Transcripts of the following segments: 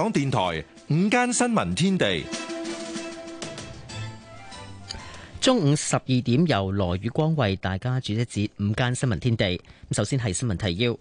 香港電台午間新聞天地，中午十二點，由羅宇光為大家主持節午間新聞天地。首先係新聞提要，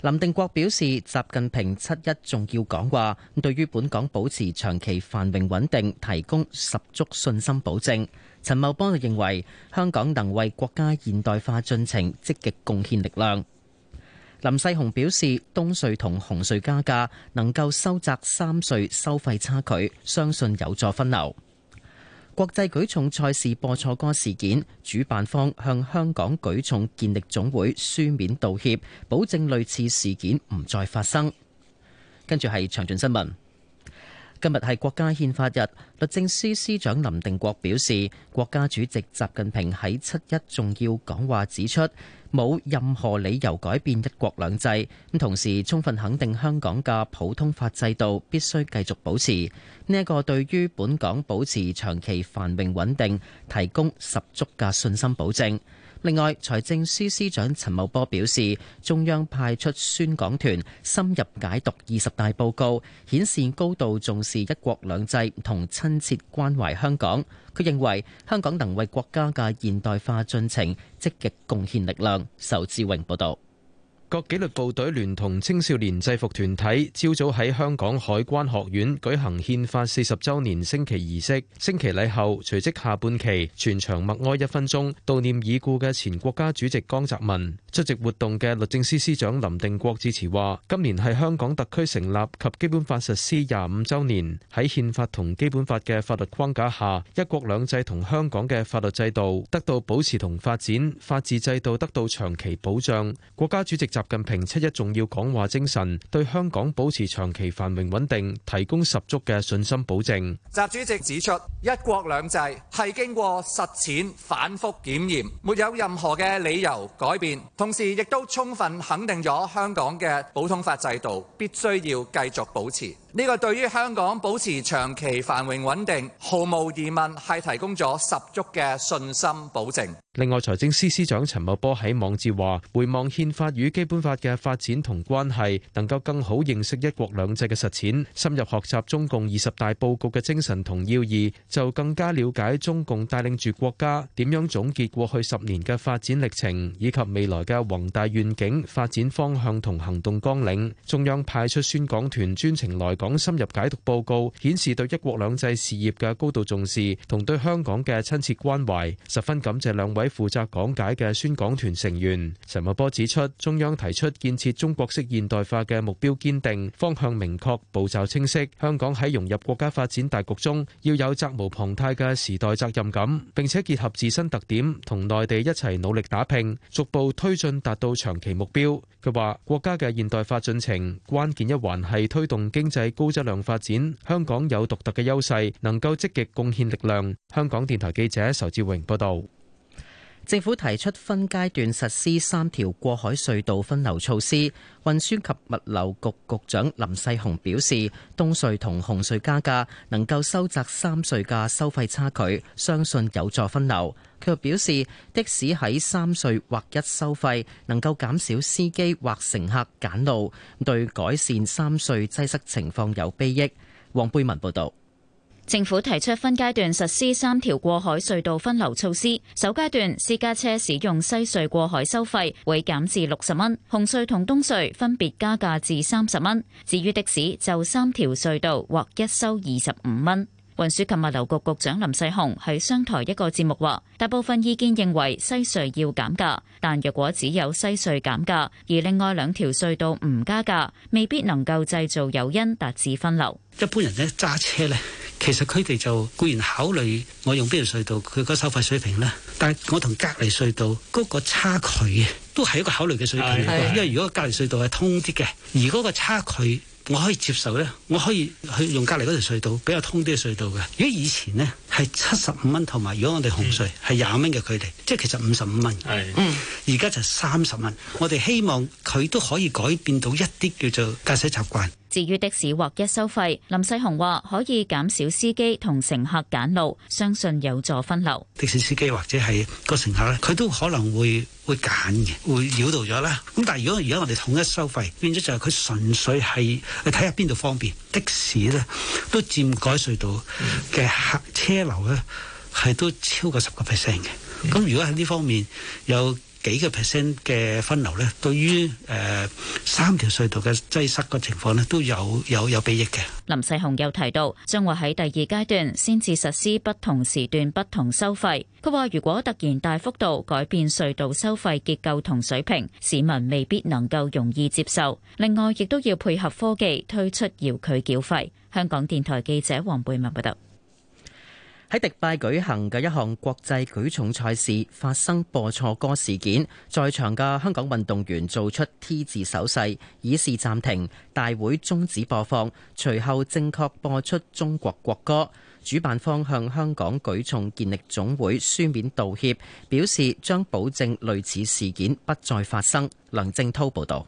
林定國表示，習近平七一重要講話對於本港保持長期繁榮穩定提供十足信心保證。陳茂波就認為，香港能為國家現代化進程積極貢獻力量。林世雄表示，東隧同紅隧加價能夠收窄三隧收費差距，相信有助分流。國際舉重賽事播錯歌事件，主辦方向香港舉重健力總會書面道歉，保證類似事件唔再發生。跟住係詳盡新聞，今日係國家憲法日，律政司司長林定國表示，國家主席習近平喺七一重要講話指出。冇任何理由改變一國兩制，同時充分肯定香港嘅普通法制度必須繼續保持，呢一個對於本港保持長期繁榮穩定提供十足嘅信心保證。另外，財政司司長陳茂波表示，中央派出宣講團深入解讀二十大報告，顯示高度重視一國兩制同親切關懷香港。佢認為香港能為國家嘅現代化進程積極貢獻力量。仇志榮報道。各紀律部隊聯同青少年制服團體，朝早喺香港海關學院舉行憲法四十週年升旗儀式。升旗禮後，隨即下半旗，全場默哀一分鐘，悼念已故嘅前國家主席江澤民。出席活動嘅律政司司長林定國致辭話：今年係香港特區成立及基本法實施廿五週年，喺憲法同基本法嘅法律框架下，一國兩制同香港嘅法律制度得到保持同發展，法治制度得到長期保障，國家主席習習近平七一重要講話精神對香港保持長期繁榮穩定提供十足嘅信心保證。習主席指出一國兩制係經過實踐，反覆檢驗沒有任何嘅理由改變，同時亦都充分肯定咗香港嘅普通法制度必須要繼續保持呢個對於香港保持長期繁榮穩定毫無疑問係提供咗十足嘅信心保證。另外，財政司司長陳茂波喺網誌話回望憲法與基本法嘅發展同關係能夠更好認識一國兩制嘅實踐，深入學習中共二十大報告嘅精神同要義，就更加了解中共帶領住國家點樣總結過去十年嘅發展歷程，以及未來嘅宏大願景、發展方向同行動綱領，中央派出宣講團專程來。港深入解讀報告，顯示對一國兩制事業嘅高度重視同對香港嘅親切關懷，十分感謝兩位負責講解嘅宣講團成員。陳茂波指出，中央提出建設中國式現代化嘅目標堅定、方向明確、步驟清晰，香港喺融入國家發展大局中要有責無旁貸嘅時代責任感，並且結合自身特點同內地一齊努力打拼，逐步推進達到長期目標。佢話國家嘅現代化進程關鍵一環係推動經濟。高質量發展，香港有獨特嘅優勢，能夠積極貢獻力量。香港電台記者仇志榮報道。政府提出分階段實施三條過海隧道分流措施，運輸及物流局局長林世雄表示，東隧同紅隧加價能夠收窄三隧嘅收費差距，相信有助分流。佢又表示的士喺三隧劃一收費，能夠減少司機或乘客揀路，對改善三隧擠塞情況有裨益。黃貝文報導。政府提出分階段實施三條過海隧道分流措施。首階段私家車使用西隧過海收費會減至六十蚊，紅隧同東隧分別加價至三十蚊。至於的士就三條隧道劃一收二十五蚊。運輸及物流局局長林世雄喺商台一個節目話：大部分意見認為西隧要減價，但若果只有西隧減價，而另外兩條隧道唔加價，未必能夠製造誘因達至分流。一般人咧揸車咧。其實佢哋就固然考慮我用邊條隧道，佢個收費水平呢。但係我同隔籬隧道嗰個差距，都係一個考慮嘅水平。係。因為如果隔籬隧道係通啲嘅，而嗰個差距我可以接受咧，我可以去用隔籬嗰條隧道，比較通啲嘅隧道嘅。如果以前咧係七十五蚊，同埋如果我哋紅隧係廿蚊嘅距離，即係其實五十五蚊。係，而家就三十蚊。我哋希望佢都可以改變到一啲叫做駕駛習慣。至於的士劃一收費，林世雄話可以減少司機同乘客揀路，相信有助分流。的士司機或者係個乘客咧，佢都可能會會揀嘅，會繞道咗啦。咁但係如果如果我哋統一收費，變咗就係佢純粹係睇下邊度方便。的士咧都佔改隧道嘅客車流咧，係都超過十個 percent 嘅。咁如果喺呢方面有幾個 percent 嘅分流咧，對於誒三條隧道嘅擠塞嘅情況咧，都有有有裨益嘅。林世雄又提到，將會喺第二階段先至實施不同時段不同收費。佢話：如果突然大幅度改變隧道收費結構同水平，市民未必能夠容易接受。另外，亦都要配合科技推出遙距繳費。香港電台記者黃貝文報道。喺迪拜舉行嘅一項國際舉重賽事發生播錯歌事件，在場嘅香港運動員做出 T 字手勢，以示暫停，大會終止播放，隨後正確播出中國國歌。主辦方向香港舉重健力總會書面道歉，表示將保證類似事件不再發生。梁正濤報道。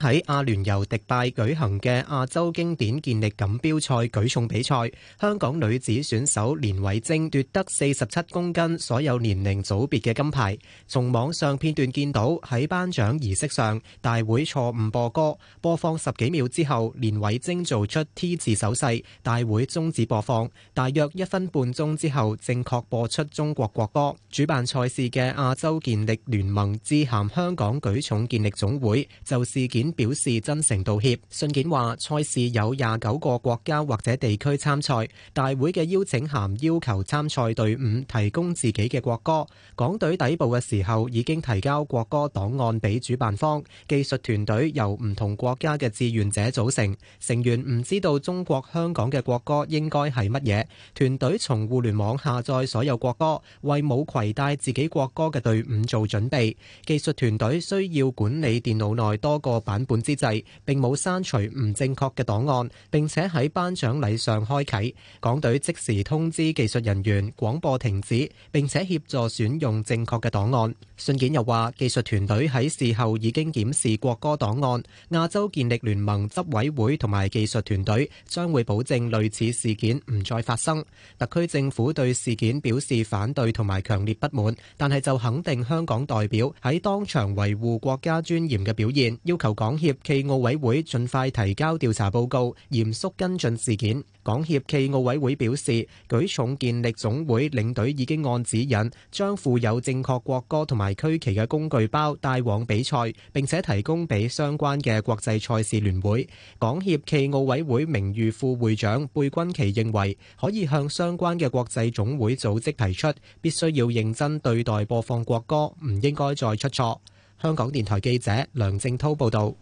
喺阿聯酋迪拜舉行嘅亞洲經典健力錦標賽舉重比賽，香港女子選手連偉晶奪得四十七公斤所有年齡組別嘅金牌。從網上片段見到喺頒獎儀式上，大會錯誤播歌，播放十幾秒之後，連偉晶做出 T 字手勢，大會終止播放。大約一分半鐘之後，正確播出中國國歌。主辦賽事嘅亞洲健力聯盟致函香港舉重健力總會就事件，表示真誠道歉。信件話賽事有廿九個國家或者地區參賽，大會嘅邀請函要求參賽隊伍提供自己嘅國歌。港隊抵埗嘅時候已經提交國歌檔案俾主辦方。技術團隊由唔同國家嘅志願者組成，成員唔知道中國香港嘅國歌應該係乜嘢。團隊從互聯網下載所有國歌，為冇攜帶自己國歌嘅隊伍做準備。技術團隊需要管理電腦內多個版。版本之際並冇刪除唔正確嘅檔案，並且喺頒獎禮上開啓，港隊即時通知技術人員廣播停止，並且協助選用正確嘅檔案。信件又話技術團隊喺事後已經檢視國歌檔案，亞洲健力聯盟執委會同埋技術團隊將會保證類似事件唔再發生。特區政府對事件表示反對同埋強烈不滿，但係就肯定香港代表喺當場維護國家尊嚴嘅表現，要求港。港協暨奧委會盡快提交調查報告，嚴肅跟進事件。港協暨奧委會表示，舉重健力總會領隊已經按指引將附有正確國歌同埋區旗嘅工具包帶往比賽，並且提供俾相關嘅國際賽事聯會。港協暨奧委會名譽副會長貝鈞奇認為，可以向相關嘅國際總會組織提出，必須要認真對待播放國歌，唔應該再出錯。香港電台記者梁正濤報道，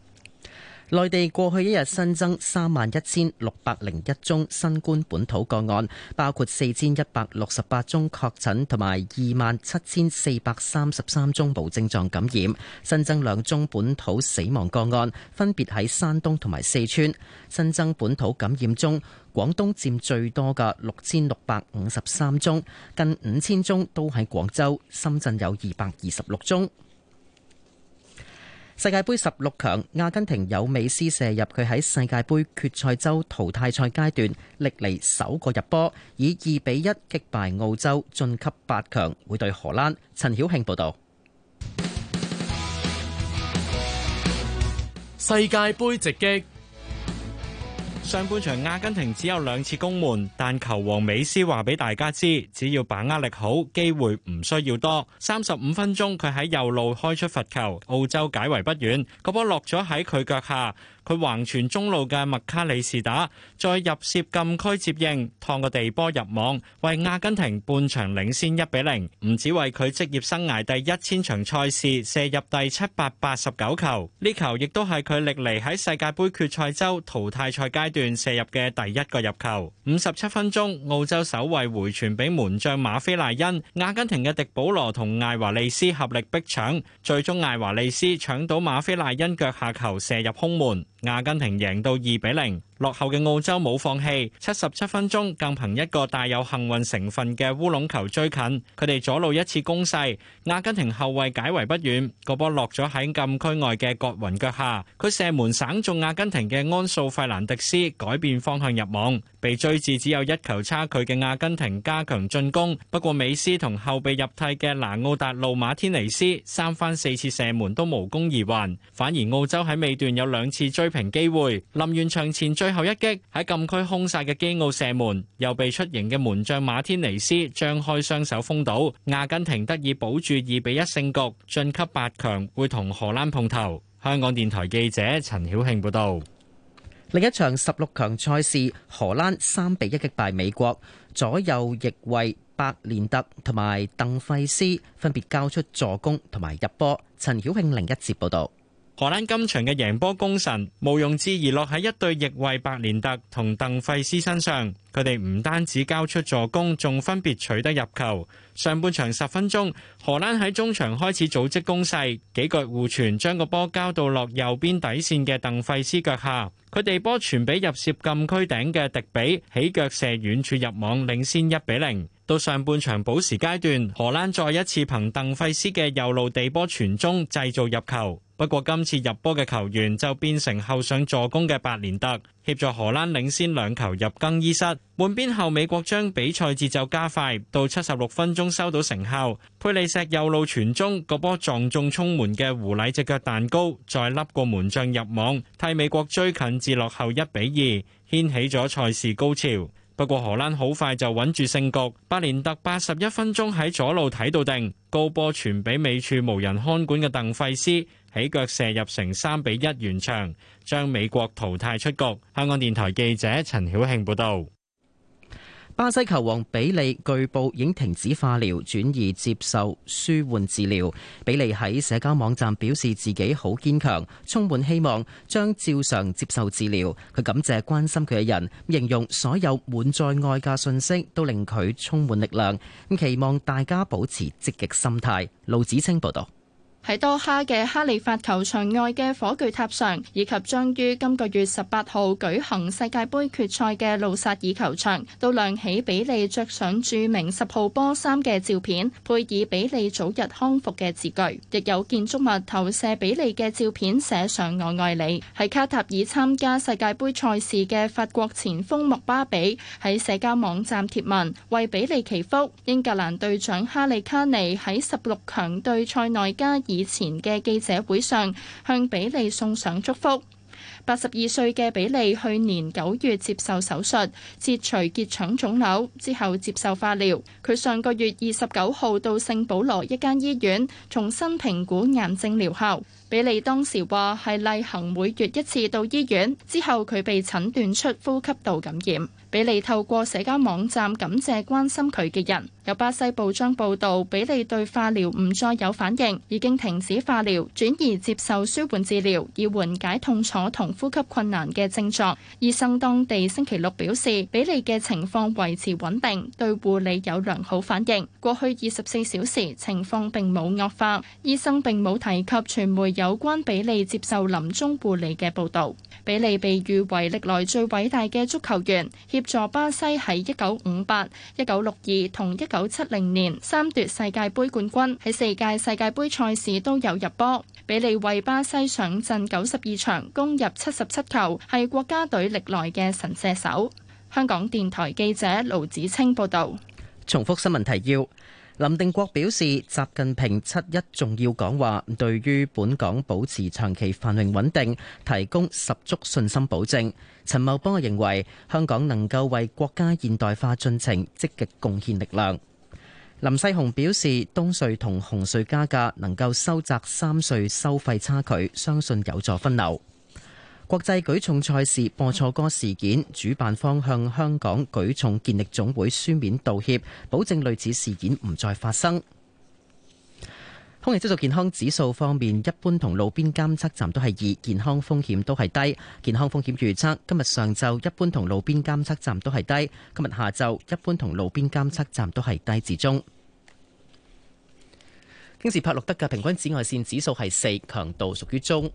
內地過去一日新增三萬一千六百零一宗新冠本土個案，包括四千一百六十八宗確診，同埋二萬七千四百三十三宗無症狀感染。新增兩宗本土死亡個案，分別喺山東同埋四川。新增本土感染中，廣東佔最多嘅六千六百五十三宗，近五千宗都喺廣州。深圳有二百二十六宗。世界杯十六強，阿根廷有美斯射入，佢喺世界杯決賽周淘汰賽階段歷嚟首個入波，以二比一擊敗澳洲晉級八強，會對荷蘭。陳曉慶報道。世界杯直擊。上半場阿根廷只有兩次攻門，但球王美斯話俾大家知，只要把握力好，機會唔需要多。三十五分鐘，佢喺右路開出罰球，澳洲解圍不遠，個波落咗喺佢腳下。佢橫傳中路嘅麥卡里士打再入涉禁區接應趟個地波入網，為阿根廷半場領先一比零。唔止為佢職業生涯第一千場賽事射入第七百八,八十九球，呢球亦都係佢歷嚟喺世界盃決賽周淘汰賽階段射入嘅第一個入球。五十七分鐘，澳洲守衛回傳俾門將馬菲賴恩，阿根廷嘅迪保羅同艾華利斯合力逼搶，最終艾華利斯搶到馬菲賴恩腳下球射入空門。阿根廷贏到二比零。落後嘅澳洲冇放棄，七十七分鐘更憑一個帶有幸運成分嘅烏龍球追近。佢哋左路一次攻勢，阿根廷後衛解圍不遠，個波落咗喺禁區外嘅葛雲腳下，佢射門省中阿根廷嘅安素費蘭迪斯，改變方向入網。被追至只有一球差距嘅阿根廷加強進攻，不過美斯同後備入替嘅拿奧達路馬天尼斯三番四次射門都無功而還。反而澳洲喺尾段有兩次追平機會，臨完場前追。最後一擊喺禁區空晒嘅基奧射門，又被出迎嘅門將馬天尼斯張開雙手封堵，阿根廷得以保住二比一勝局，晉級八強，會同荷蘭碰頭。香港電台記者陳曉慶報道。另一場十六強賽事，荷蘭三比一擊敗美國，左右翼衛白連特同埋鄧費斯分別交出助攻同埋入波。陳曉慶另一節報道。荷蘭今場嘅贏波功臣毋庸置疑落喺一對翼衛白連特同鄧費斯身上。佢哋唔單止交出助攻，仲分別取得入球。上半場十分鐘，荷蘭喺中場開始組織攻勢，幾腳互傳將個波交到落右邊底線嘅鄧費斯腳下。佢哋波傳俾入涉禁區頂嘅迪比，起腳射遠處入網，領先一比零。到上半場補時階段，荷蘭再一次憑鄧費斯嘅右路地波傳中製造入球。不過今次入波嘅球員就變成後上助攻嘅白連特，協助荷蘭領先兩球入更衣室。換邊後，美國將比賽節奏加快，到七十六分鐘收到成效。佩利石右路傳中，個波撞中沖門嘅狐狸隻腳蛋糕，再笠個門將入網，替美國追近至落後一比二，掀起咗賽事高潮。不過荷蘭好快就穩住勝局，白連特八十一分鐘喺左路睇到定，高波傳俾尾處無人看管嘅鄧費斯。起腳射入成三比一完場，將美國淘汰出局。香港電台記者陳曉慶報道：巴西球王比利據報已經停止化療，轉移接受舒緩治療。比利喺社交網站表示自己好堅強，充滿希望，將照常接受治療。佢感謝關心佢嘅人，形容所有滿載愛嘅信息都令佢充滿力量。咁期望大家保持積極心態。路子清報道。喺多哈嘅哈利法球場外嘅火炬塔上，以及將於今個月十八號舉行世界杯決賽嘅路薩爾球場，都亮起比利着上著名十號波衫嘅照片，配以比利早日康復嘅字句。亦有建築物投射比利嘅照片，寫上我愛你。喺卡塔爾參加世界杯賽事嘅法國前鋒莫巴比喺社交網站貼文為比利祈福。英格蘭隊長哈利卡尼喺十六強對塞內加以前嘅記者會上向比利送上祝福。八十二歲嘅比利去年九月接受手術，切除結腸腫瘤，之後接受化療。佢上個月二十九號到聖保羅一間醫院重新評估癌症療效。比利當時話係例行每月一次到醫院，之後佢被診斷出呼吸道感染。比利透過社交網站感謝關心佢嘅人。有巴西報章報道，比利對化療唔再有反應，已經停止化療，轉移接受舒緩治療以緩解痛楚同呼吸困難嘅症狀。醫生當地星期六表示，比利嘅情況維持穩定，對護理有良好反應。過去二十四小時情況並冇惡化。醫生並冇提及傳媒有關比利接受臨終護理嘅報道。比利被譽為歷來最偉大嘅足球員，協助巴西喺一九五八、一九六二同一。九七零年三奪世界杯冠軍，喺四屆世界杯賽事都有入波。比利為巴西上陣九十二場，攻入七十七球，係國家隊歷來嘅神射手。香港電台記者盧子清報道。重複新聞提要。林定國表示，習近平七一重要講話對於本港保持長期繁榮穩定提供十足信心保證。陳茂波認為，香港能夠為國家現代化進程積極貢獻力量。林世雄表示，東隧同紅隧加價能夠收窄三隧收費差距，相信有助分流。國際舉重賽事播錯歌事件，主辦方向香港舉重健力總會書面道歉，保證類似事件唔再發生。空氣質素健康指數方面，一般同路邊監測站都係二，健康風險都係低。健康風險預測，今日上晝一般同路邊監測站都係低，今日下晝一般同路邊監測站都係低至中。京士柏錄得嘅平均紫外線指數係四，強度屬於中。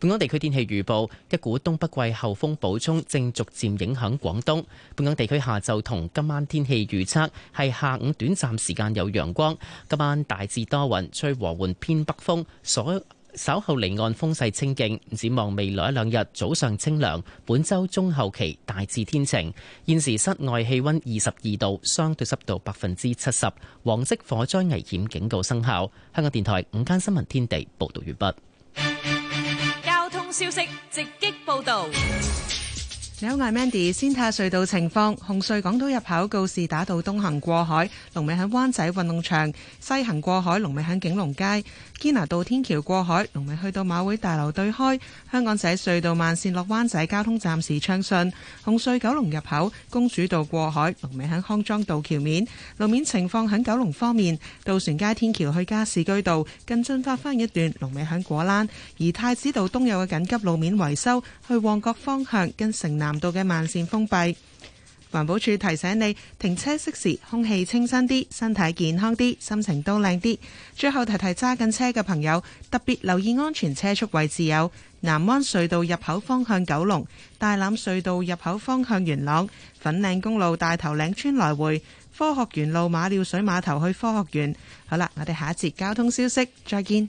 本港地區天氣預報，一股東北季候風補充正逐漸影響廣東。本港地區下晝同今晚天氣預測係下午短暫時間有陽光，今晚大致多雲，吹和緩偏北風，所稍後離岸風勢清勁。展望未來一兩日早上清涼，本周中後期大致天晴。現時室外氣温二十二度，相對濕度百分之七十，黃色火災危險警告生效。香港電台午間新聞天地報道完畢。消息直擊報道，你好，我係 Mandy。先睇下隧道情況，紅隧港島入口告示打到東行過海，龍尾喺灣仔運動場；西行過海，龍尾喺景隆街。堅拿道天橋過海，龍尾去到馬會大樓對開；香港仔隧道慢線落灣仔，交通暫時暢順。紅隧九龍入口公主道過海，龍尾喺康莊道橋面。路面情況喺九龍方面，渡船街天橋去加士居道更進發翻一段，龍尾喺果欄。而太子道東有嘅緊急路面維修，去旺角方向跟城南道嘅慢線封閉。環保署提醒你，停車熄匙，空氣清新啲，身體健康啲，心情都靚啲。最後提提揸緊車嘅朋友，特別留意安全車速位置有，有南灣隧道入口方向九龍、大欖隧道入口方向元朗、粉嶺公路大頭嶺村來回、科學園路馬料水碼頭去科學園。好啦，我哋下一節交通消息再見。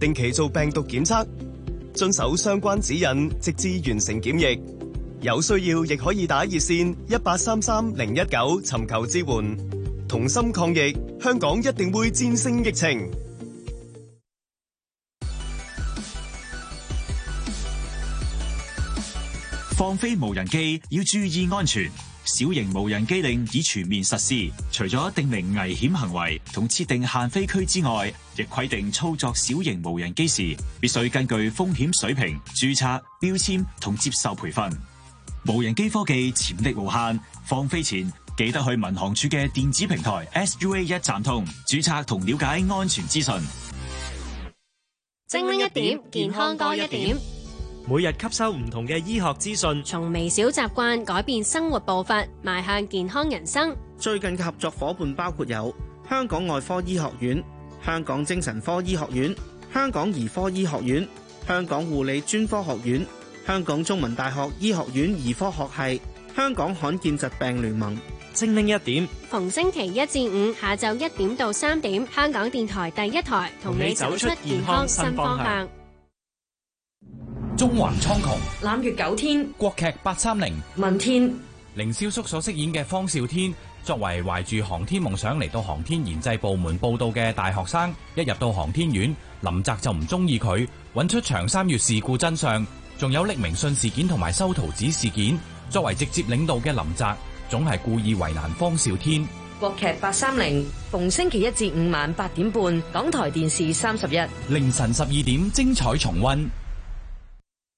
定期做病毒檢測，遵守相關指引，直至完成檢疫。有需要亦可以打熱線一八三三零一九尋求支援。同心抗疫，香港一定會戰勝疫情。放飛無人機，要注意安全。小型無人機令已全面實施，除咗定名危險行為同設定限飛區之外，亦規定操作小型無人機時必須根據風險水平註冊標籤同接受培訓。無人機科技潛力無限，放飛前記得去民航處嘅電子平台 SUA 一站通註冊同了解安全資訊。精靈一點，健康多一點。每日吸收唔同嘅醫學資訊，從微小習慣改變生活步伐，邁向健康人生。最近嘅合作夥伴包括有香港外科醫學院、香港精神科醫學院、香港兒科醫學院、香港護理專科學院、香港中文大學醫學院兒科學系、香港罕見疾病聯盟。精靈一點，逢星期一至五下晝一點到三點，香港電台第一台同你走出健康新方向。中環蒼穹，攬月九天。國劇八三零，問天，凌瀟肅所飾演嘅方少天，作為懷住航天夢想嚟到航天研製部門報道嘅大學生，一入到航天院，林澤就唔中意佢。揾出長三月事故真相，仲有匿名信事件同埋修圖紙事件，作為直接領導嘅林澤，總係故意為難方少天。國劇八三零，逢星期一至五晚八點半，港台電視三十一，凌晨十二點精彩重溫。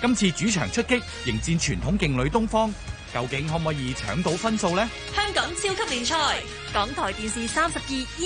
今次主場出擊，迎戰傳統勁旅東方，究竟可唔可以搶到分數呢？香港超級聯賽，港台電視三十二。